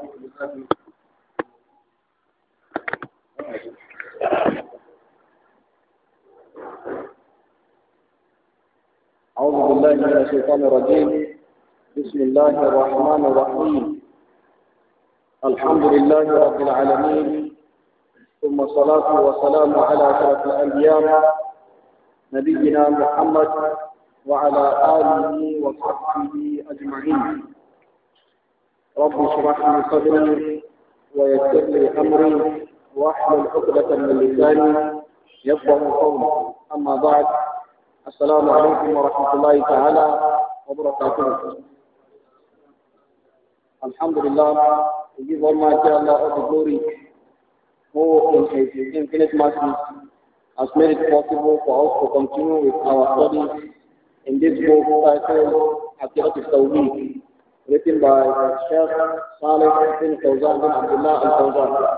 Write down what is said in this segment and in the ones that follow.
أعوذ بالله من الشيطان الرجيم بسم الله الرحمن الرحيم الحمد لله رب العالمين ثم الصلاة والسلام على أشرف الأنبياء نبينا محمد وعلى آله وصحبه أجمعين رب اشرح لي صدري ويسر لي امري واحلل عقدة من لساني يفضل قولي اما بعد السلام عليكم ورحمة الله تعالى وبركاته الحمد لله يجيب ما شاء الله وبدوري هو كل شيء infinite mercy has made it possible for us to continue with our studies in this book titled Hakiyat al-Tawheed written by Sheikh Saleh bin Fawzan bin Abdullah al Fawzan.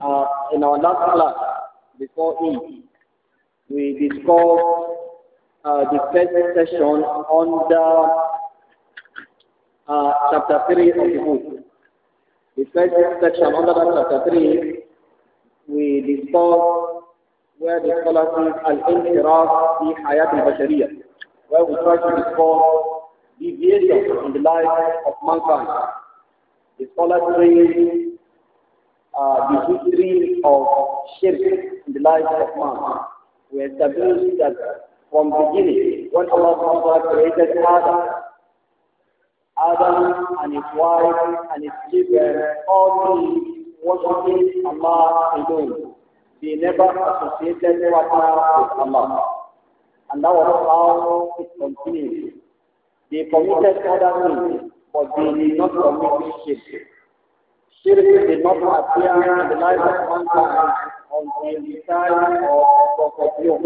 Uh, in our last class, before Eid, we discussed uh, the first session on the uh, chapter 3 of the book. The first section the chapter 3, we discussed where the scholars al-inhiraf fi hayat al-bashariyah, where we try to discuss deviation in the life of mankind. The scholars bring uh, the history of shirk in the life of man. We established that from the beginning, when Allah created Adam, Adam and his wife and his children all lived worshiping Allah alone. They never associated partner with Allah. And that was how it continues. They committed other sins, but they did not commit shirk. Shirk did not appear in the life of mankind until the time of Prophet Yom.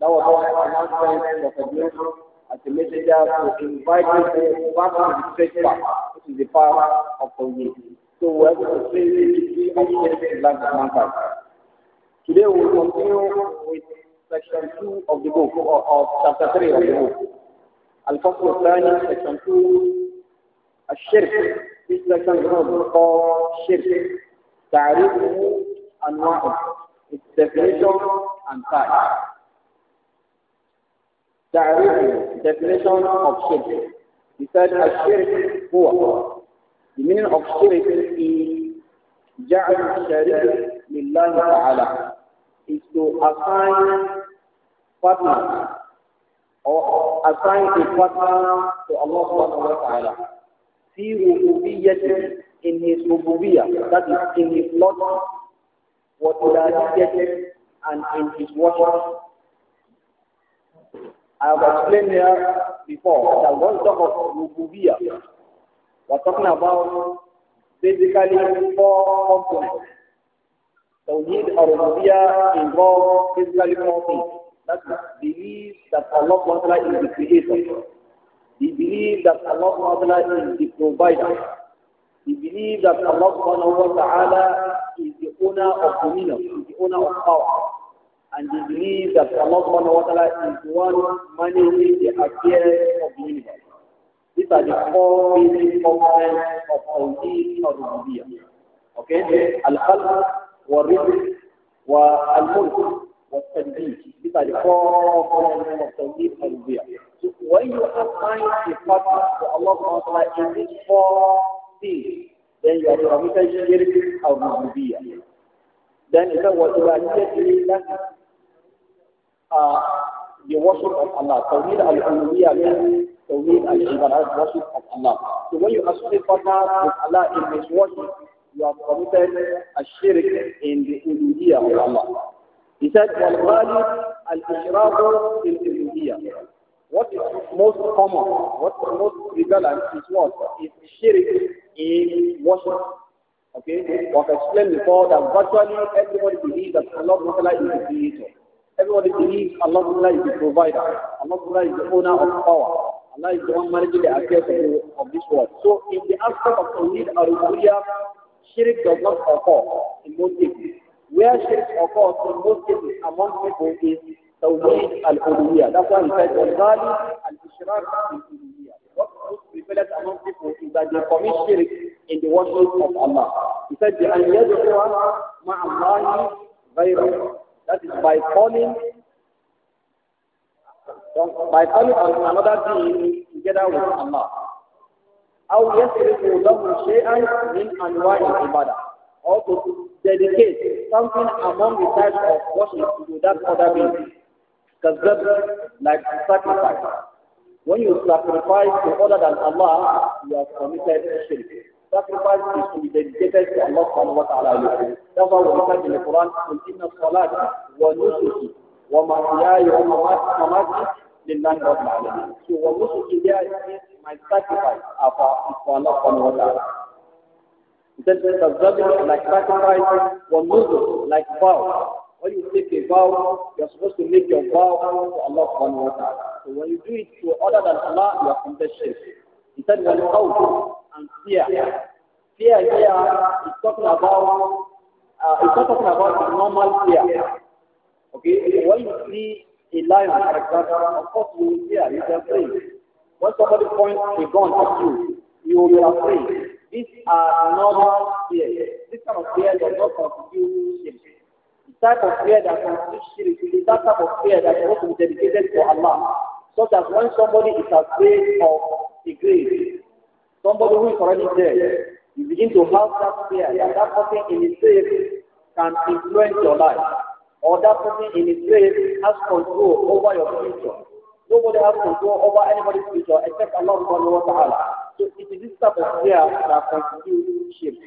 That was why announcement of Prophet Yom as a messenger to invite people back to the straight path, which is the path of the forgiveness. So we have to say the of shirk in life of mankind. Today we will continue with section 2 of the book, or of chapter 3 of the book. الفصل الثاني section 2 الشرك في section 1 الشرك تعريفه أنواعه its definition and type تعريفه definition of shirk he said الشرك هو the meaning of shirk is جعل الشريك لله تعالى is to assign partners or assign a partner to Allah subhanahu wa ta'ala. Fi rububiyyati in his rububiyyah, that is in his lot, wa ilahiyyati and in his worship. I have explained here before that when we talk of rububiyyah, we're talking about basically four components. So, need a rububiyyah involves basically four things. That is believe that Allah SWT is the creator. The believe that Allah SWT is the provider. The believe that Allah SWT is the owner of dominion, the owner of power. And the believe that Allah SWT is the one managing the affairs of the universe. These are the four basic components of Tawheed or Rububiyyah. Okay? Al-Khalq, wa Rizq, wa Al-Mulk. These are the four of and So when you assign a partner to Allah subhanahu in these four things, then you are permitted shirk of rububiyah. Then you what you are saying, that is uh, the worship of Allah. Tawheed al-uluhiyah means tawheed al-ibadat, worship of Allah. So when you associate partner with Allah in His worship, you are committed a shirk in the uluhiyah of Allah. He said, al وَالْغَالِبْ الْإِشْرَاقُ بِالْإِلْهِيَّةِ What is most common, what is most prevalent is what? Is shirk in worship. Okay? We have explained before that virtually everybody believes that Allah is the creator. Everybody believes Allah is the provider. Allah is the owner of power. Allah is the one managing the affairs of, this world. So in the aspect of Tawheed al-Rububiyyah, shirk does not occur in most cases where shirk occurs in most cases among people is Tawheed al-Uluhiyah. That's why he said, Wal-Ghali al-Ishraq al-Uluhiyah. What most prevalent among people is that they commit shirk in the worship of Allah. He said, the يدعو مع الله غيره. That is by calling by calling another being together with Allah. أو يسرق له شيئا من أنواع العبادة or to dedicate something among the types of worship to that other being. Kazab, like sacrifice. When you sacrifice to other than Allah, you have committed sin. Sacrifice is to be dedicated to Allah subhanahu wa ta'ala. That's why we said in the Quran, إِنَّ wa وَنُسُكِ wa وَمَمَاتِ لِلَّهِ رَبِّ الْعَالَمِينَ So, وَنُسُكِ there is my sacrifice for Allah subhanahu wa ta'ala. Then there's observing like sacrifice or nuzul like vow. When you take a vow, you're supposed to make your vow to Allah subhanahu wa ta'ala. So when you do it to other than Allah, you are committed shirk. He said, wal khawf and fear. Fear here is talking about, uh, it's not talking about the normal fear. Okay, when you see a lion, for example, of course you will fear, you can afraid. When somebody points a gun at you, you will be afraid. These are normal fears. This kind of fear does not constitute shirk. The type of fear that confuses shirk is that type of fear that is supposed dedicated to Allah. so that when somebody is afraid of a grave, somebody who is already dead, you begin to have that fear that that person in his grave can influence your life, or that person in his grave has control over your future. Nobody has to go over anybody's future except Allah subhanahu wa ta'ala. So it is this type of fear that constitutes shirk.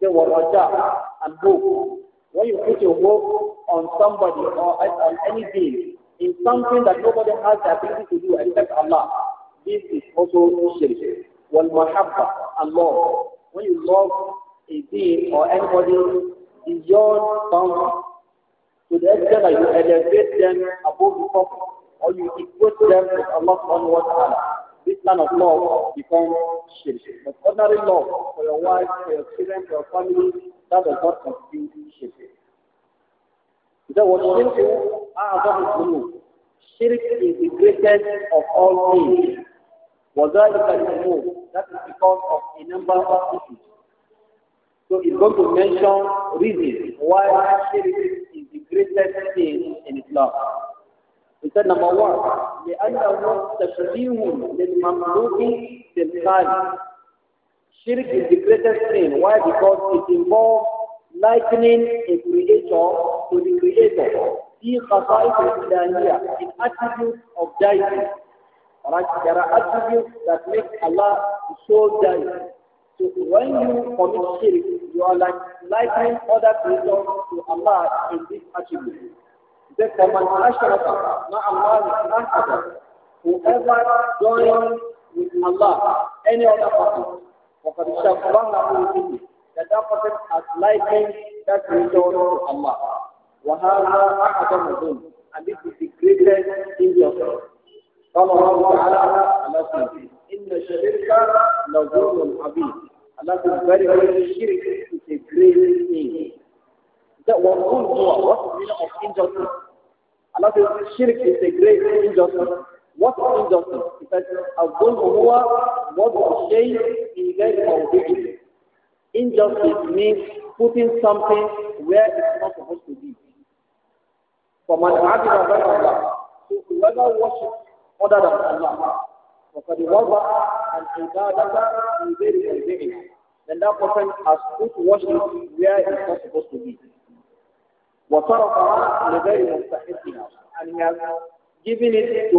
They were raja and hope. When you put your hope on somebody or on anything, in something that nobody has the ability to do except Allah, this is also shirk. When mahabba and love. When you love a being or anybody beyond bounds, to the extent that you elevate them above the purpose or you equate them with Allah subhanahu wa ta'ala. This kind of love becomes shirk. But ordinary love for your wife, for your children, for your family, that does not constitute shirk. That was shirk, أعظم الذنوب. Ah, shirk is the greatest of all things. وذلك move? That is because of a number of issues. So he's going to mention reasons why shirk is the greatest thing in Islam. He said, number one, لأنه تشبيه للمملوك بالخالق. Shirk is the greatest sin. Why? Because it involves likening a creator to the creator. See khasa'if al-ilahiyya, in attributes of deity. Alright, there are attributes that make Allah so deity. So when you commit shirk, you are like likening other creatures to Allah in this attribute. that وَمَنْ أَشْرَكَ مَعَ اللَّهِ Whoever joins with Allah, any other person, وَقَدْ شَبَّهَهُ بِهِ That that person has likened that religion to Allah. وَهَذَا أَحَدًا مُدُونَ And this is the greatest in the قال الله تعالى على إن الشرك لظلم عظيم Allah is very, very shirk is a great thing. That was good war, what is the meaning of injustice? Allah says shirk is a great injustice. What injustice? He says, الظلم هو وضع شيء في غير موضعه. Injustice means putting something where it's not supposed to be. فمن عبد غير الله so whoever worships other than Allah وقد وضع العبادة في very very then that person has put worship where it's not supposed to be. وتركها لغير مستحقها and he has given it to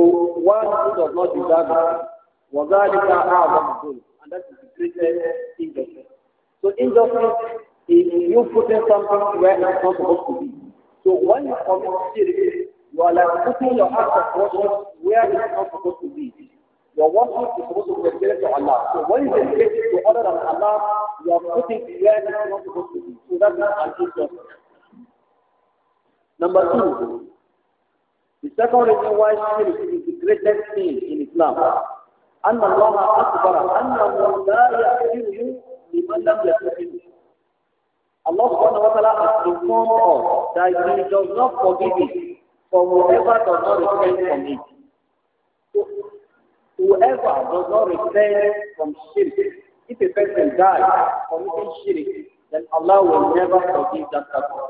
one who does not deserve it وذلك أعظم الظلم and that is the greatest injustice so injustice is you putting something where it's not supposed to be so when you commit sin you are like putting your act of worship where it's not supposed to be your worship is supposed to be dedicated to Allah. So when you dedicate it to other than Allah, you are putting where it is not supposed to be. So that is an injustice. Number two, the second reason why shirk is the greatest sin in Islam. أن الله أكبر أنه لا يغفر لمن لم Allah has informed us that He does not forgive it for whoever does not repent from it. whoever does not repent from shirk, if a person dies committing shirk, then Allah will never forgive that person.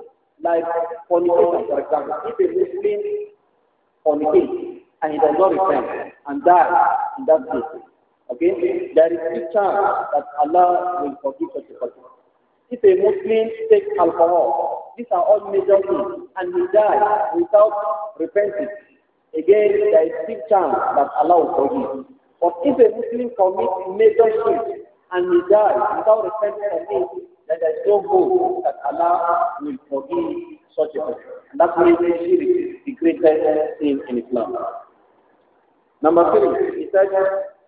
Like fornication, for example. If a Muslim fornicates and he does not repent and dies in that case, okay, there is a chance that Allah will forgive such a person. If a Muslim takes alcohol, these are all major sins, and he dies without repenting, again, there is still chance that Allah will forgive. But if a Muslim commits major sins and he dies without repenting then there's no hope that Allah will forgive such a person. And that's why shirk is the greatest sin in Islam. Number three, he said,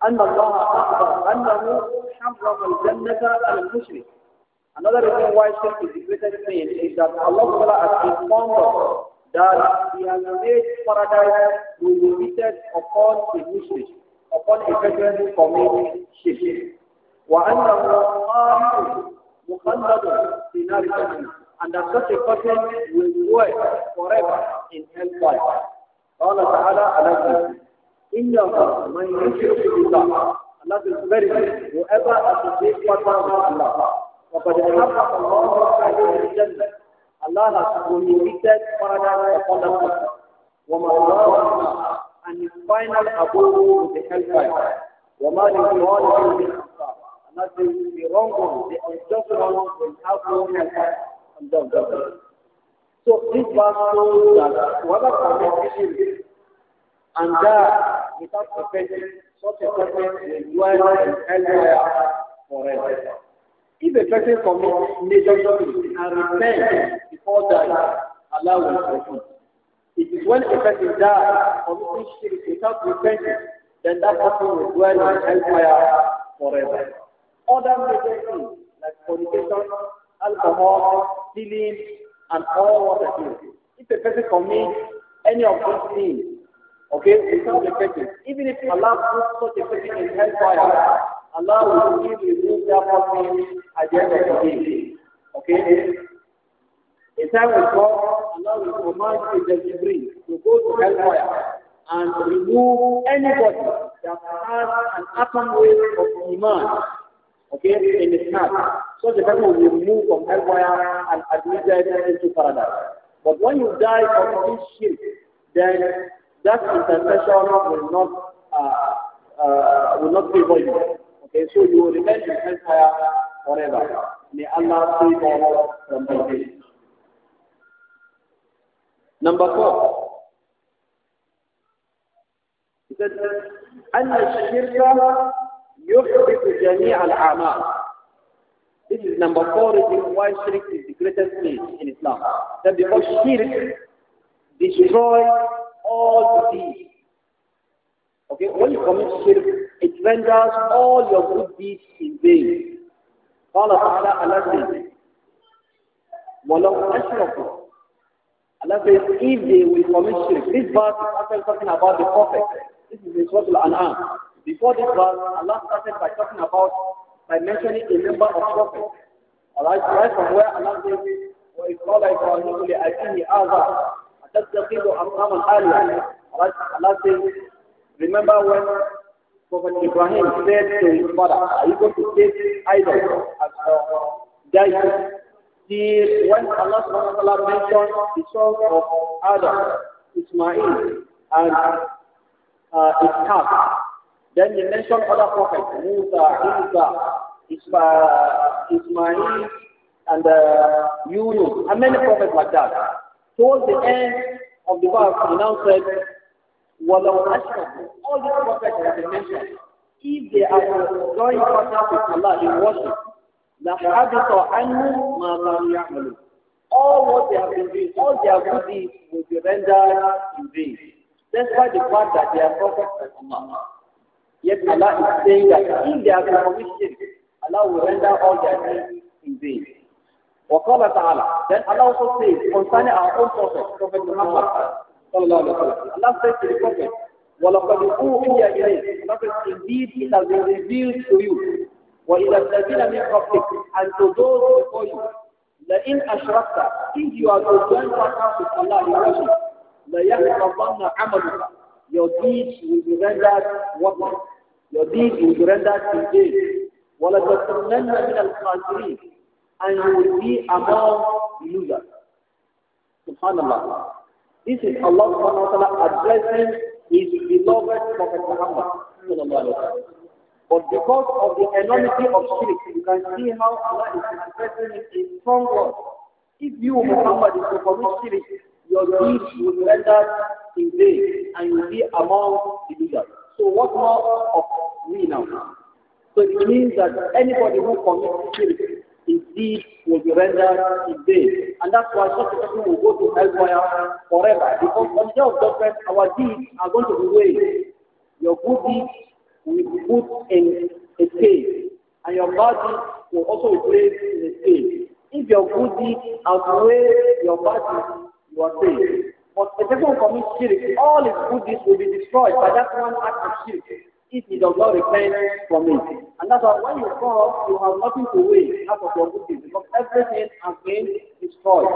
أن الله أخبر أنه حرم الجنة على المشرك. Another reason why shirk is the greatest sin is that Allah has informed us that He has made paradise prohibited upon the mushrik, upon a person who commits shirk. وأنه قائل مخلد في نار جهنم and that such a person will dwell forever in hellfire. قال تعالى على إن من يشرك بالله Allah is very good. Whoever associates partner with Allah, فقد حرم the عليه of Allah has prohibited paradise upon that person. and his final abode will be hellfire. وما للظالمين من nothing the wrong one, the unjust one will have no help from So this verse shows that whoever commits sin and that without repentance, such a person will dwell in hellfire forever. If a person commits major sin and repents before that, Allah will forgive. It is when a person dies committing sin without repentance, then that person will dwell in hellfire forever. other devices like fornication, alcohol, stealing, and all other things. If a person commits any of these things, okay, without repentance, even if Allah puts such a person in hellfire, Allah will give remove that person at the end of the day. Okay? A time will come, Allah will command the Jibreel to go to hellfire and remove anybody that has an atom weight of iman okay, in his heart. So the devil will move from hellfire and admitted into paradise. But when you die from this shirk, then that intercession will not uh, uh, will not favor you. Okay, so you will remain in hellfire forever. May Allah save us from this. Number four. He said, أن الشرك يحبط جميع الأعمال This is number four reason why shirk is the greatest sin in Islam. That because shirk destroys all deeds. Okay, when you commit shirk, it renders all your good deeds in vain. قال تعالى Allah says, ولو أشركوا Allah says, if they will commit shirk, this verse is talking about the prophet. This is in Surah Al-An'am. Before this verse, Allah started by talking about, by mentioning a number of prophets. Alright, right from where Allah says, وَإِذْ قَالَ tell لِأَبِيهِ آذَا أَتَتَّخِذُ أَصْنَامًا آلِهَةً Alright, Allah says, remember when Prophet Ibrahim said to his father, are you going to take idols as uh, guidance? The, when Allah subhanahu wa mentioned the sons of Adam, Ismail, and uh, his then you mention other prophets, Musa, Isa, Isma, Ismail, and uh, Yunus, and many prophets like that. Towards the end of the verse, he now said, وَلَوْ All these prophets that have mentioned, if they are joined partners with Allah in worship, لَحَبِطَ عَنْهُمْ مَا كَانُوا يَعْمَلُونَ All what they have been doing, all their good deeds will be rendered in vain, why the fact that they are prophets of Allah. Yet Allah is saying that in their are commission, Allah will render all their deeds in vain. وقال تعالى then Allah also says concerning our own prophet Prophet Muhammad صلى الله Allah says to the prophet وَلَقَدْ أُوحِيَ إِلَيْكَ Prophet indeed it has been revealed to you وَإِلَى الَّذِينَ مِنْ قَبْلِكَ and to those before you لَإِنْ أَشْرَكْتَ if you are to join partners with Allah in worship لَيَحْبَطَنَّ عَمَلُكَ your deeds will be rendered worthless your deed will be rendered in vain. وَلَتَكُنَّنَّ مِنَ الْخَاسِرِينَ And you will be among losers. Subhanallah. This is Allah subhanahu wa ta'ala addressing his beloved Prophet Muhammad. But because of the enormity of shirk, you can see how Allah is expressing it in strong words. If you, Muhammad, is to commit shirk, your deeds will render in vain and you will be among the losers. So what more of we now? So it means that anybody who commits shirk indeed will be rendered in vain. And that's why such a person will go to hellfire forever. Because on the day of judgment, our deeds are going to be weighed. Your good deeds will be put in a scale, and your bad deeds will also be placed in a scale. If your good deeds outweigh your bad deeds, you are saved. But the person who commits shirk, all his good deeds will be destroyed by that one act of shirk if he does not repent from it. And that's why when you fall, you have nothing to win out of your good deeds because everything has been destroyed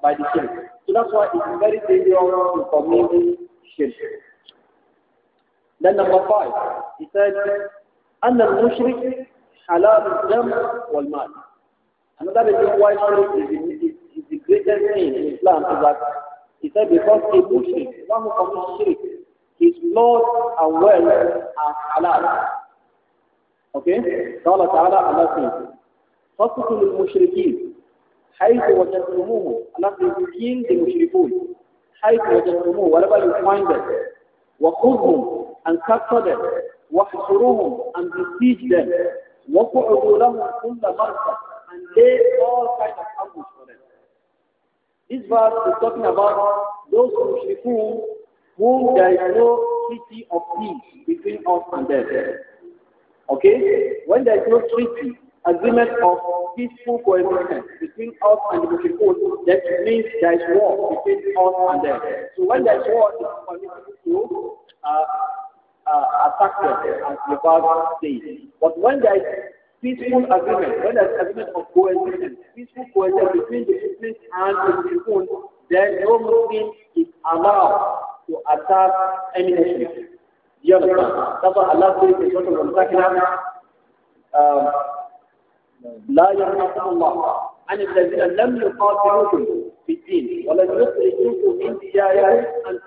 by the shirk. So that's why it's very dangerous to commit shirk. Then number five, he said, أن المشرك حلال wal والمال. Another reason why shirk is the, is the greatest sin in Islam is that he said, because a mushrik, one who commits shirk, his blood and wealth are halal. Okay? Allah, تعالى Allah says, فَقُتُلُ الْمُشْرِكِينَ حيث وجدتموه Allah says, kill the mushrikun. حيث وجدتموه, wherever you find them. وَخُذْهُمْ and capture them. وَحْصُرُوهُم and besiege them. وَقُعُدُوا لَهُمْ كُلَّ and lay all kinds of ambush this verse is talking about those mushrikun whom there is no treaty of peace between us and them. Okay? When there is no treaty, agreement of peaceful coexistence between us and the Mushrikun, that means there is war between us and them. So when there is war, it is permitted to uh, uh, attack them, as the verse says. But when there is peaceful agreement, when there's agreement of coexistence, peaceful coexistence between the Muslims and the Muslims, then no Muslim is allowed to attack any nation. Do you understand? That's why Allah says in Surah Al-Mutakinah, لا يرحمكم الله عن الذين لم يقاتلوكم في الدين ولن يخرجوكم من ديارهم أن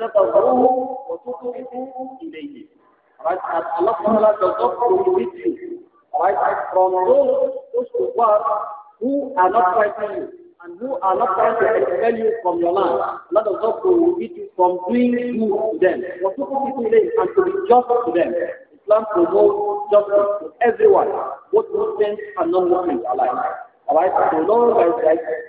Right? Allah Ta'ala does not prohibit you right? From those those kuffar who are not fighting you and who are not trying to expel you from your land. Allah does not prohibit you from doing good to them. What you people today and to be just to them. Islam promotes justice to everyone, both Muslims and non-Muslims alike. Alright, so long as there is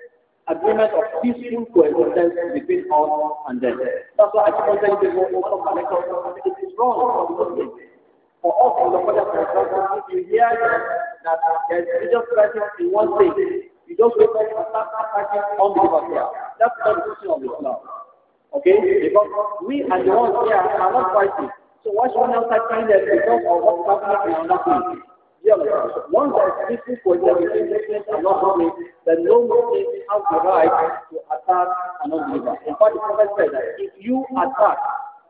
agreement of peaceful coexistence between us and them. That's why I keep on telling people, oh, it is wrong for Muslims. For us in the Father, for example, if you hear that there is just pressure in one thing, you don't wake up and start attacking on the prayer. That's not the position of Islam. Okay? Because we and the ones here are not fighting. So why should one outside find that because of what's happening in another country? Yeah, once there is peaceful coexistence between and not harming, then no Muslim has the right to attack an unbeliever. In fact, the Prophet said that if you attack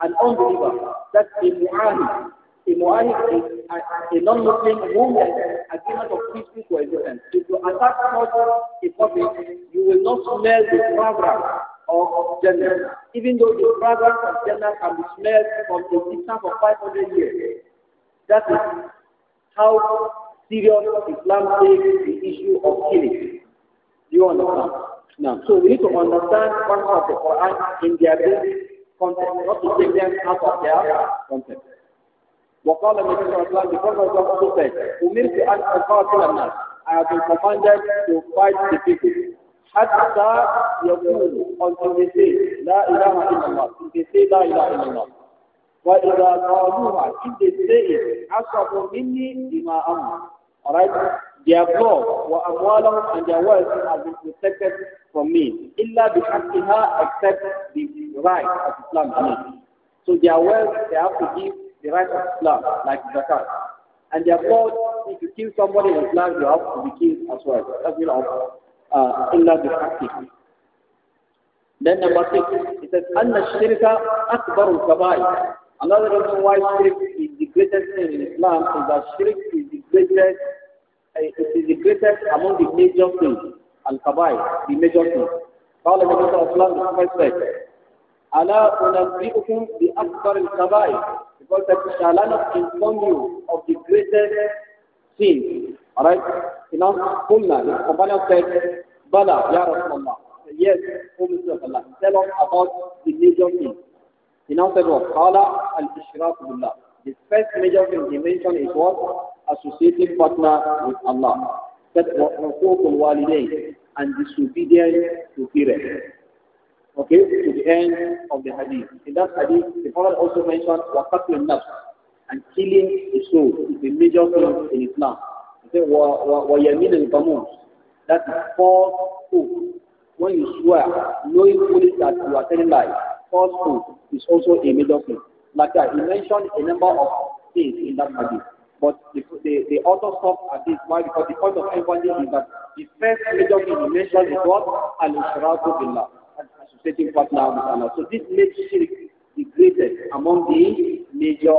an unbeliever, that's a mu'ahid, a mu'ahid is a, a non-Muslim whom there is an agreement of peaceful coexistence. If you attack such a prophet, you will not smell the fragrance of gender, even though the fragrance of gender can be smelled from a distance of 500 years. That is how serious Islam takes the issue of killing. Do you understand? Now, so we need to understand one of the Quran in their basic context, not to take them out of their context. وقال النبي صلى الله عليه وسلم said, أمرت أن أقاتل الناس. I have been commanded to fight the people. حتى يقول until they say لا إله إلا الله. They say لا إله إلا الله. وإذا قالوها if they say it عصبوا مني دماءهم. Alright? Their blood وأموالهم and their wealth have been protected from me. إلا بحقها except the right of Islam. So their wealth they have to give the right of Islam, like zakat. And therefore, if you kill somebody in Islam, you have to be killed as well. That's you know, uh, illa the practice. Then number six, it says, Anna shirka akbarul kabai. Another reason why shirk is the greatest thing in Islam is that shirk is the greatest, eh, it is the greatest among the major things, al-kabai, the major things. قال النبي صلى الله عليه وسلم ألا أنبئكم بأكبر الكبائر God said, shall I not inform you of the greatest sin? Alright? You know, Qulna, the companion said, Bala, Ya Rasulullah. Yes, O Messenger of Allah, tell us about the major sin. He now said what? Qala al-Ishraq billah. The first major thing he mentioned is what? Associating partner with Allah. That what Rukukul Walidain and disobedience to parents okay, to the end of the hadith. In that hadith, the Prophet also mentioned waqatul nafs and killing the soul is a major thing in Islam. He said, وَيَمِينَ الْقَمُونَ That is false hope. When you swear, knowing fully that you are telling lies, false oath is also a major thing. Like that, he mentioned a number of things in that hadith. But the, the, the author stopped at this. Why? Because the point of everybody is that the first major thing he mentioned is what? Al-Ishraku Billah partner So this makes shirk the greatest among the major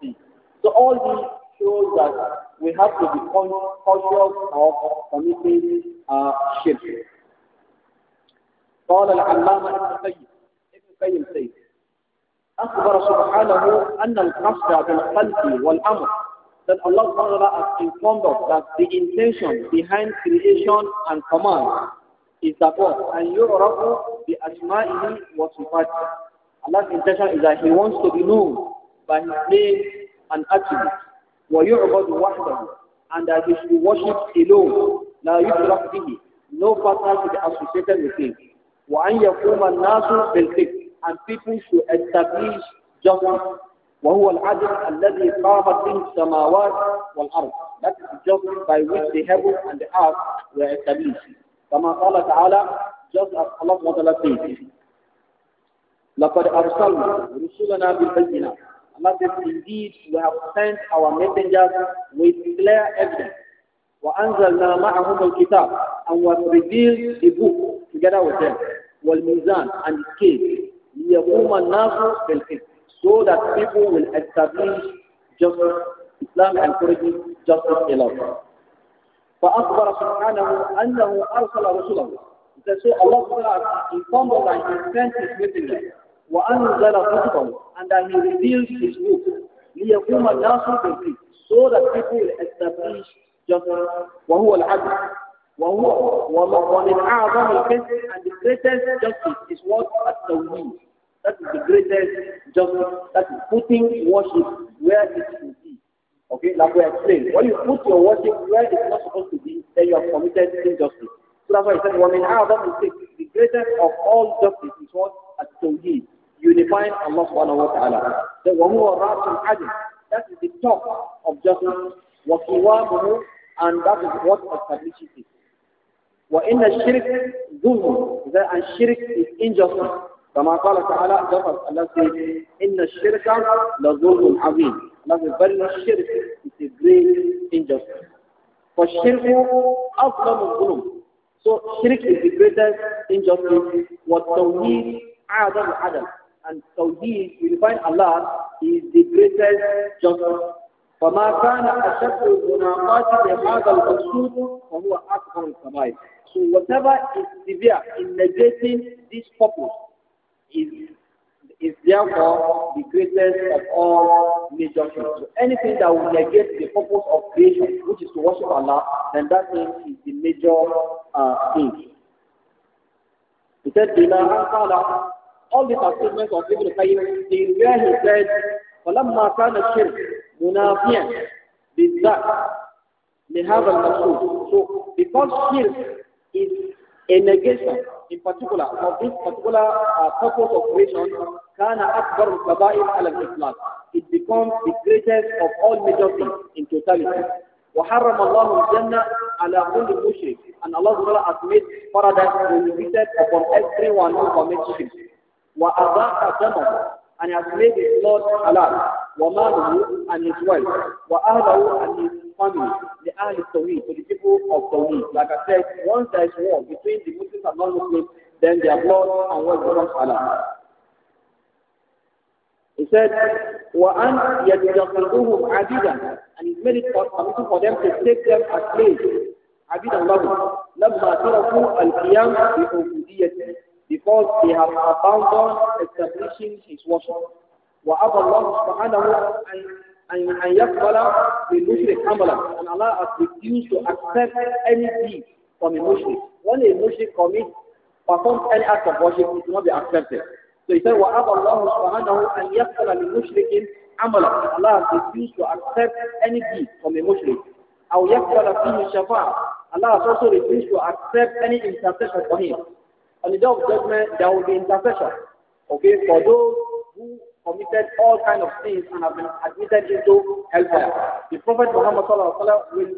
sins. So all these shows that we have to be conscious of committing uh, shirk. قال العلامة ابن القيم ابن القيم سيد أخبر سبحانه أن القصد بالقلب والأمر that Allah ta'ala has informed us that the intention behind creation and command is that what? And you the asma'ihi wa sifati. Allah's intention is that He wants to be known by His name and attributes. Wa yu'rabbu wahdahu. And that He should be worshipped alone. La yushraq bihi. No partner should be associated with Him. Wa an yakuma nasu bil And people should establish justice. وهو العدل الذي قامت به السماوات والأرض. That is justice by which the heavens and the earth were established. كما قال تعالى لقد أرسلنا رسولنا Allah says indeed we have sent our messengers with clear evidence وأنزلنا معهم الكتاب and revealed the book together with them والميزان and the scale ليقوم الناس بالقسط so that people will establish justice Islam encourages justice alone فأخبر سبحانه أنه أرسل رسله that so Allah Ta'ala informed Allah He sent His messenger وأنزل كتبه and that He revealed His book ليقوم الناس بالقسط so that people will establish justice وهو العدل وهو ومن أعظم القسط and the greatest justice is what at التوحيد That is the greatest justice. That is putting worship where it is Okay, like we explained, when you put your worship where it's not supposed to be, then you have committed injustice. So that's why he said, وَمِنْ أَعْظَمِ الذِّكْرِ The greatest of all justice is what? At-Tawheed, unifying Allah subhanahu wa ta'ala. So وَهُوَ رَاسُ الْعَدْلِ That is the top of justice. وَقِوَامُهُ And that is what establishes it. وَإِنَّ الشِّرْكِ ظُلْمٌ That and shirk is injustice. كما قال تعالى just as Allah says إن الشرك لظلم عظيم that's a very shirk. It's a great injustice. For shirk, of الظلم. So shirk is the greatest injustice. والتوحيد عدم عدم. And tawheed, we find Allah is the greatest justice. فما كان أشد المناقات لهذا المقصود وهو أكبر الكبائر. So whatever is severe in negating this purpose is is therefore the greatest of all major things. So anything that will negate the purpose of creation, which is to worship Allah, then that thing is the major uh, thing. He said, "Allah, Ankala, all these are statements of Ibn Qayyim, in where he said, فَلَمَّا كَانَ الشِّرْكُ مُنَافِيًا بِالذَّاتِ لِهَذَا الْمَقْصُودِ So, because shirk is a negation in particular, for this particular uh, purpose of creation, kana akbar kaba'ir al islam It becomes the greatest of all major sins in totality. وحرم الله الجنة على كل مشرك and Allah Ta'ala has made paradise prohibited upon everyone who commits shirk وأضاء دمه and he has made his Lord halal وماله and his wealth وأهله and his family, the Ahl Tawheed, to the people of Tawheed. Like I said, once there is war between the Muslims and non-Muslims, then their blood and what becomes Allah. He said, وَأَنْ يَتَّخِذُوهُمْ عَبِيدًا And he made it permitted for them to take them as slaves. عبيدا لهم لما تركوا القيام بعبوديته because they have abandoned establishing his worship. وأبى الله سبحانه أن and yakbala the mushrik amala, and Allah has refused to accept any deed from a mushrik. When a mushrik commits, performs any act of worship, it will not be accepted. So he said, وَأَبَى اللَّهُ سُبْحَانَهُ أَنْ يَقْبَلَ لِلْمُشْرِكِ عَمَلًا Allah has refused to accept any deed from a mushrik. أَوْ يَقْبَلَ the شَفَاعَ Allah has also refused to accept any intercession for him. On the day of judgment, there will be intercession. Okay, for those who committed all kind of sins and have been admitted into hellfire. The Prophet Muhammad will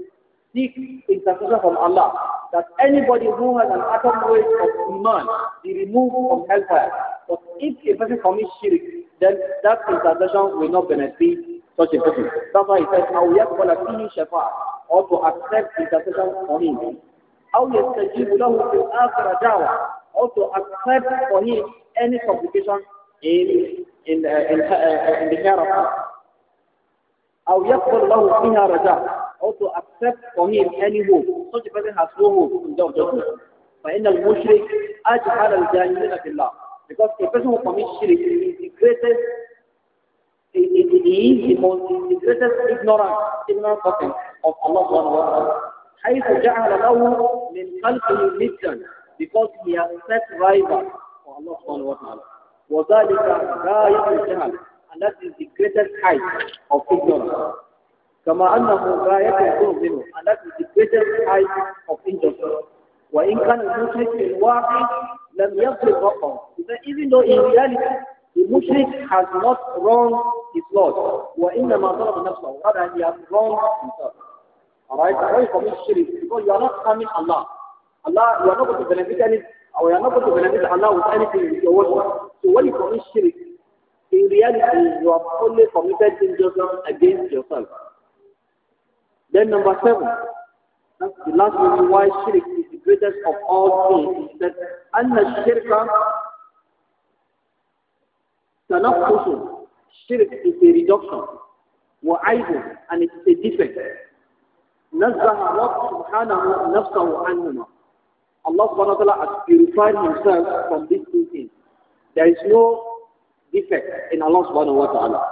seek intercession from Allah that anybody who has an atom weight of iman be removed from hellfire. But if a person commits shirk, then that intercession will not benefit such a person. That's why he says, "Now we have to shafa'a," or to accept intercession from him. How أو will ask for a دعوة or to accept for him any supplication in انحراف أو يقبل له فيها رجاء أو to accept for him any move such a person has no move in the judgment فإن المشرك أجهل الجاهلين في الله because a person who commits shirk is the greatest it, it, it is the the greatest ignorant ignorant person of Allah subhanahu wa ta'ala حيث جعل له من خلقه ندا because he has set rival for Allah subhanahu wa ta'ala وَذَلِكَ غَايَةُ الْجَهَلِ And that is the greatest height of ignorance. كما أنه غاية الظلم and that is the greatest height of injustice. وإن كان المشرك في الواقع لم يغلب ربه. Even though in reality the mushrik has not wronged his Lord. وإنما ظلم نفسه. Rather he has wronged himself. Alright? Why you commit shirk? Because you are not harming Allah. Allah, you are not going to benefit any, or you are not going to benefit Allah with anything with your worship. So when you commit shirk, in reality, you have only committed injustice against yourself. Then number seven, that's the last reason why shirk is the greatest of all sins, is that anna shirka tanaffusun. Shirk is a reduction. وعيب and it's a defect. نزه الله سبحانه نفسه عنهما. Allah subhanahu wa ta'ala has purified himself from these things there is no defect in Allah subhanahu wa ta'ala.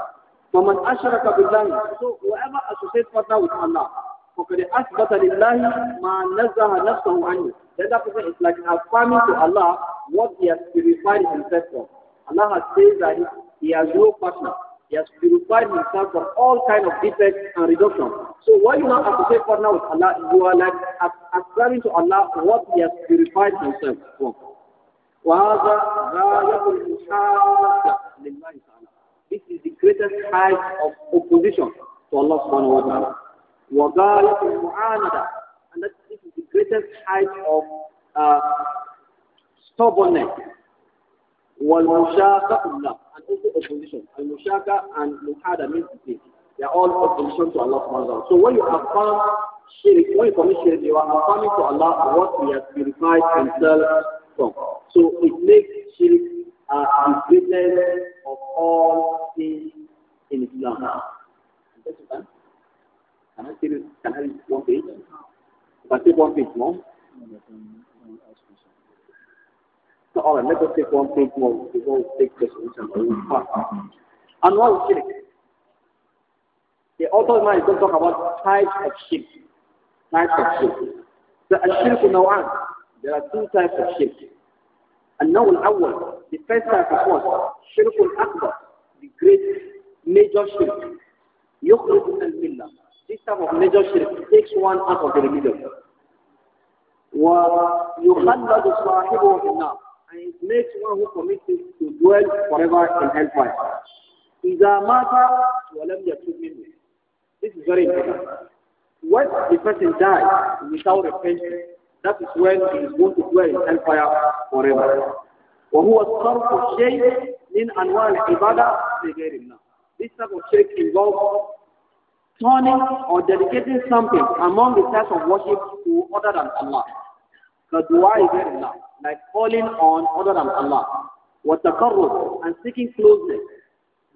فَمَنْ أَشْرَكَ بِاللَّهِ So whoever associates partner with Allah, فَقَدْ أَثْبَتَ لِلَّهِ مَا نَزَّهَ نَفْسَهُ عَنْهُ Then that person is like affirming to Allah what he has purified himself from. Allah has said that he has no partner. He has purified himself from all kind of defects and reduction. So why you not associate partner with Allah, you are like affirming to Allah what he has purified himself from. وهذا غاية المحاولة لله تعالى. This is the greatest height of opposition to Allah subhanahu wa ta'ala. وغاية المعاندة and that this is the greatest height of uh, stubbornness. والمشاكة الله and also opposition. المشاكة and muhada means the same. They are all opposition to Allah subhanahu wa ta'ala. So when you affirm shirk, when you commit shirk, you are affirming to Allah what He has purified Himself from. So it makes shirk as the greatest of all things in Islam. Can I see Can I read one page? If I take one page more. So all right, let us take one page more before we take questions and what is shirk? The author now is going to talk about types of shirk. Types of shirk. The ashirku naw'an. There are two types of shirk. النوع الأول the first type is what? شرك Akbar, the great major shirk يخرج al الملة this type of major shirk takes one out of the religion ويخلد صاحبه في النار and it makes one who commits it to dwell forever in hellfire إذا مات ولم يتوب منه this is very important when the person dies without repentance that is when he is going to dwell in hellfire forever. وهو صرف الشيء من أنواع العبادة لغير This type of shirk involves turning or dedicating something among the types of worship to other than Allah. is غير الله like calling on other than Allah. وتقرب and seeking closeness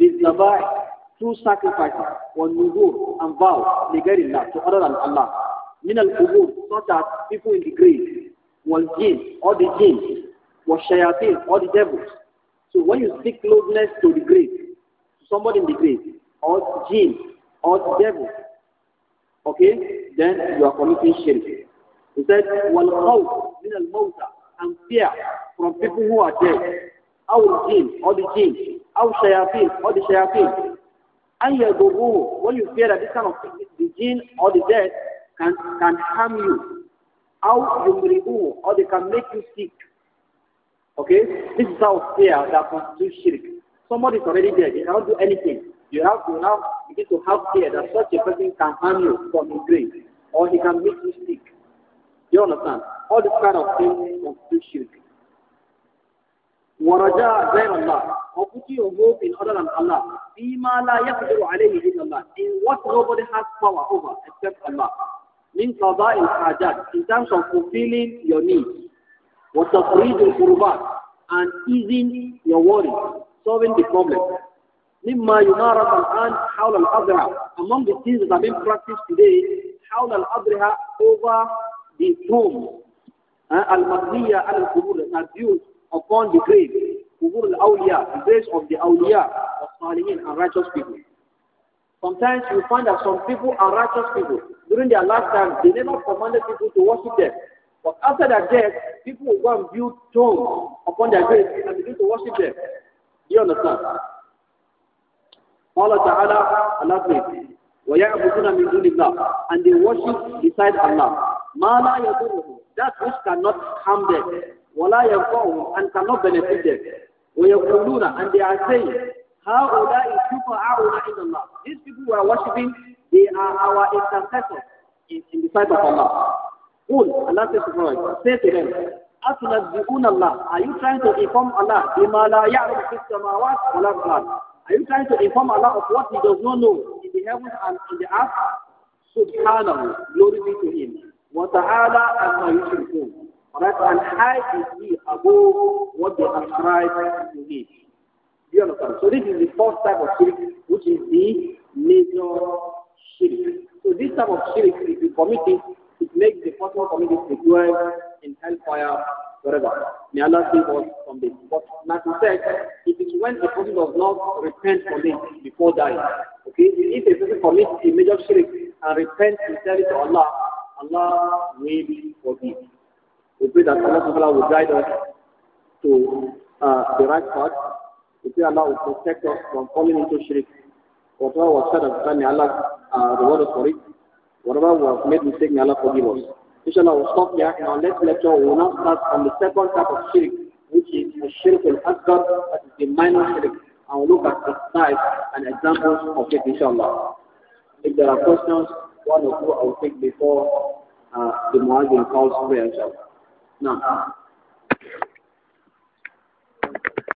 بالذبائح through sacrifices والنذور and vows لغير الله to other than Allah min al such as people in the grave, wal jinn, or the jinn, wal shayatin or the devils. So when you speak closeness to the grave, to somebody in the grave, or jinn, or the devil, okay, then you are committing shirk. He said, wal khawf min al mawta, and fear from people who are dead, or jinn, or the jinn, or shayatin or the shayatin. And you go, when you fear that this kind of thing, the jinn or the dead can, can harm you. How yumri'u, or they can make you sick. Okay? This is how fear that constitutes shirk. Somebody is already there, they cannot do anything. You have to now begin to have fear that such a person can harm you from his grave, or he can make you sick. You understand? All this kind of things constitute shirk. Waraja غير Allah, or put your hope in other than Allah. فيما لا يقدر عليه إلا In what nobody has power over except Allah min qada'il hajat in terms of fulfilling your needs, wa tafridil kurbat and easing your worries, solving the problem. مما an الآن al الأضرع among the things that are being practiced today al الأضرع over the tomb المبنية على القبور that are built upon the grave kubur al الأولياء the base of the أولياء والصالحين and righteous people Sometimes you find that some people are righteous people. During their lifetime, they never commanded people to worship them. But after their death, people will go and build tombs upon their graves and begin to worship them. Do you understand? Allah Ta'ala, Allah says, وَيَعْبُدُونَ مِن دُونِ اللَّهِ And they worship beside Allah. مَا That which cannot harm them. وَلَا يَنْفَعُهُمْ And cannot benefit them. وَيَقُولُونَ And they are saying, how هؤلاء are عند الله. These people who are worshipping, they are uh, our intercessors in, in the sight of Allah. O Allah says to them, say to them, أتنبئون الله Are you trying to inform Allah بما لا يعلم في السماوات ولا في Are you trying to inform Allah of what He does not know in the heavens and in the earth? Subhanahu, glory be to Him. وتعالى عما يشركون. Right, and high is He above what they ascribe to Him. You understand? So this is the first type of shirk, which is the major shirk. So this type of shirk, if you commit it, it makes the person committing it to dwell in hellfire forever. May Allah save us from this. But like we said, it is when a person does not repent from it before dying. Okay? If a person commits a major shirk and repents it to Allah, Allah will forgive. We pray that Allah will guide us to uh, the right path. We pray Allah will protect us from falling into shirk. Whatever was said at the time, may Allah uh, reward us for it. Whatever we have made mistake, may Allah forgive us. Inshallah, we'll stop here. In our next lecture, we will now start from the second type of shirk, which is the shirk al-asghar, that is the minor shirk. And we'll look at the types and examples of it, inshallah. If there are questions, one or two I will take before uh, the Muazzin calls prayer, inshallah. Now.